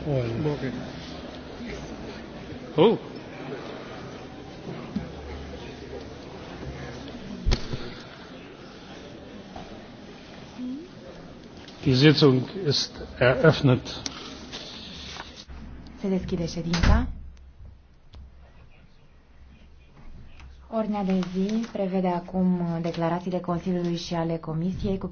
Ok. Oh. Die Sitzung ist eröffnet. Se deschide ședința. Ordinea de zi prevede acum declarațiile Consiliului și ale Comisiei cu